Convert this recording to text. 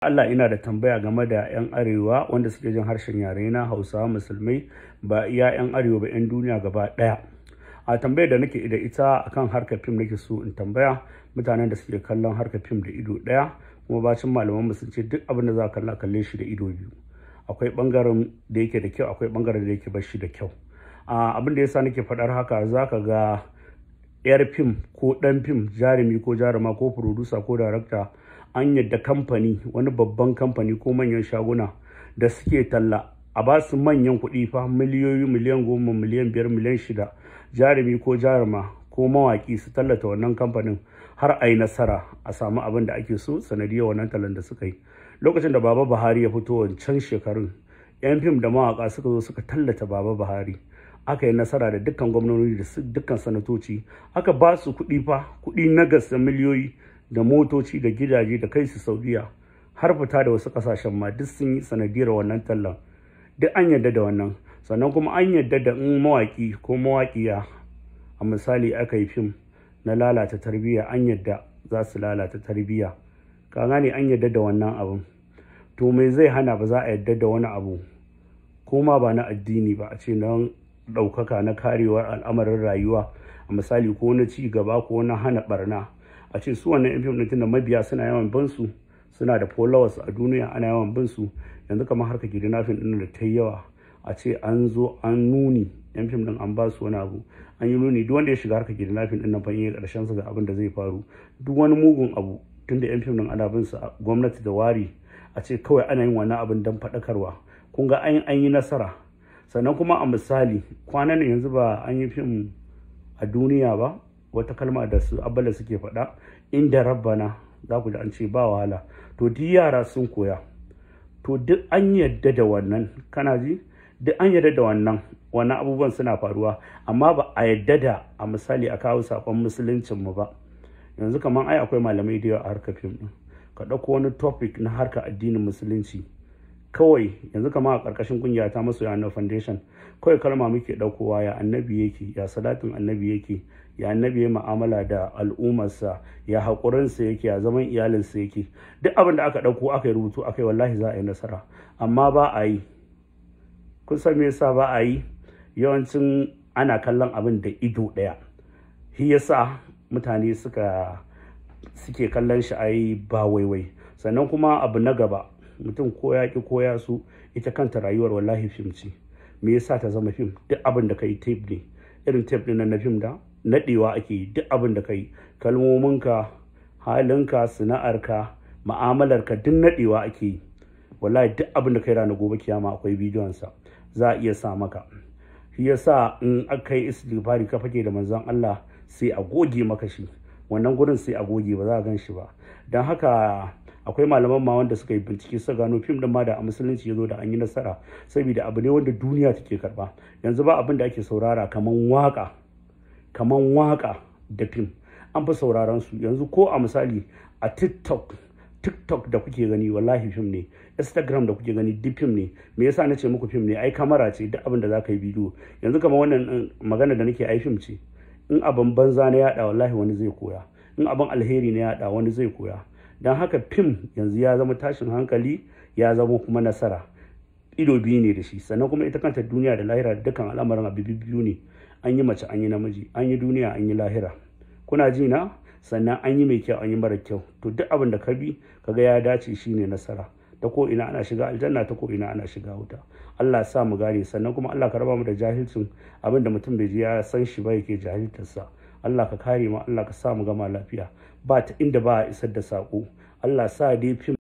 Allah ina da tambaya game da 'yan arewa wanda suke jin harshen yare na hausawa musulmai ba iya 'yan arewa ba 'yan duniya gaba ɗaya. A tambayar da nake da ita akan harkar fim nake so in tambaya mutanen da suke kallon harkar fim da ido ɗaya kuma bacin malaman mu sun ce duk abin da za ka kalla kalle shi da ido biyu. Akwai bangaren da yake da kyau akwai bangaren da yake bashi da kyau. Abin da yasa nake faɗar haka za ka ga 'yar fim ko ɗan fim jarumi ko jaruma ko furodusa ko darakta an yadda kamfani wani babban kamfani ko manyan shaguna da suke talla a ba su manyan kuɗi fa miliyoyi miliyan goma miliyan biyar miliyan shida jarumi ko jaruma ko mawaƙi su tallata wannan kamfanin har a yi nasara a samu abin da ake so sanadiyar wannan talan da suka yi lokacin da baba buhari ya fito wancan shekarun yan fim da mawaƙa suka zo suka tallata baba buhari aka yi nasara da dukkan gwamnoni da dukkan sanatoci aka ba su kuɗi fa kuɗi na gasa miliyoyi da motoci da gidaje da kai su saudiya har fita da wasu kasashen ma duk sun yi sanadiyar wannan tallan duk an yarda da wannan sannan kuma an yarda da in mawaki ko mawaƙiya a misali aka yi fim na lalata tarbiyya an yarda za su lalata tarbiyya ka gane an yarda da wannan abun to me zai hana ba za a yarda da wani abu ko ma ba na addini ba a ce na ɗaukaka na karewar al'amarin rayuwa a misali ko na ci gaba ko na hana barna a ce su wannan yan fim din tunda mabiya suna yawan bin su suna da followers a duniya ana yawan bin su yanzu kamar harka kidnapping din da ta yawa a ce an zo an nuni yan fim din an ba su wani abu an yi nuni duk wanda ya shiga harka nafin din na fa da karshen su ga abin da zai faru duk wani mugun abu tunda yan fim din ana bin su a gwamnati da wari a ce kawai ana yin wani abin don faɗakarwa kun ga an yi nasara sannan kuma a misali kwanan yanzu ba an yi fim a duniya ba wata kalma da su abala suke faɗa inda rabbana za ku ji an ce ba wahala to duk yara sun koya to duk an yadda da wannan kana ji duk an yadda da wannan wannan abubuwan suna faruwa amma ba a yarda da a misali a kawo sakon musuluncin mu ba yanzu kamar ai akwai malamai da yawa a harkar fim din ka ɗauko wani topic na harkar addinin musulunci kawai yanzu kama a ƙarƙashin ƙungiyata ta masoya na foundation kawai kalma muke ɗaukowa ya annabi yake ya salatin annabi yake ya annabi ya ma'amala da al'ummarsa ya haƙurinsa yake ya zaman iyalinsa yake duk abin da aka ɗauko aka yi rubutu aka yi wallahi za a yi nasara amma ba a yi kun san me yasa ba a yi yawancin ana kallon abin da ido ɗaya shi yasa mutane suka suke kallon shi yi ba waiwai sannan kuma abu na gaba mutum ko ya ki ko ya su ita kanta rayuwar wallahi fim ce me yasa ta zama fim duk abin da kai tape ne irin tape din na fim da nadewa ake yi duk abin da kai kalmominka halinka sana'arka ma'amalarka duk nadewa ake yi wallahi duk abin da kai rana gobe kiyama akwai bidiyon sa za a iya sa maka shi yasa in aka yi istighfari ka fake da manzon Allah sai a goge maka shi wannan gurin sai a goge ba za a gan shi ba don haka akwai malaman ma wanda suka yi bincike suka gano fim din ma da a musulunci ya zo da an yi nasara saboda abu ne wanda duniya take karba yanzu ba abin da ake saurara kaman waka kaman waka da fim an fi sauraron su yanzu ko a misali a tiktok tiktok da kuke gani wallahi fim ne instagram da kuke gani duk fim ne me yasa na ce muku fim ne ai kamera ce duk abin da za ka yi bidiyo yanzu kamar wannan eh, magana da nake ai fim ce in abin banza na yada wallahi wani zai koya in abin alheri na yada wani zai koya don haka fim yanzu ya zama tashin hankali ya zama kuma nasara ido biyu ne da shi sannan kuma ita kanta duniya da lahira da dukkan al'amuran abu biyu ne an yi mace an yi namiji an yi duniya an yi lahira kuna ji na sannan an yi mai kyau an yi mara kyau to duk abin da ka bi ka ga ya dace shi ne nasara ta ko ina ana shiga aljanna ta ko ina ana shiga wuta Allah sa mu gane sannan kuma Allah ka raba mu da jahilcin abin da mutum bai ji ya san shi ba yake sa. Allah ka kare mu Allah ka sa mu gama lafiya ba ta inda ba a isar da sako Allah sa dai fim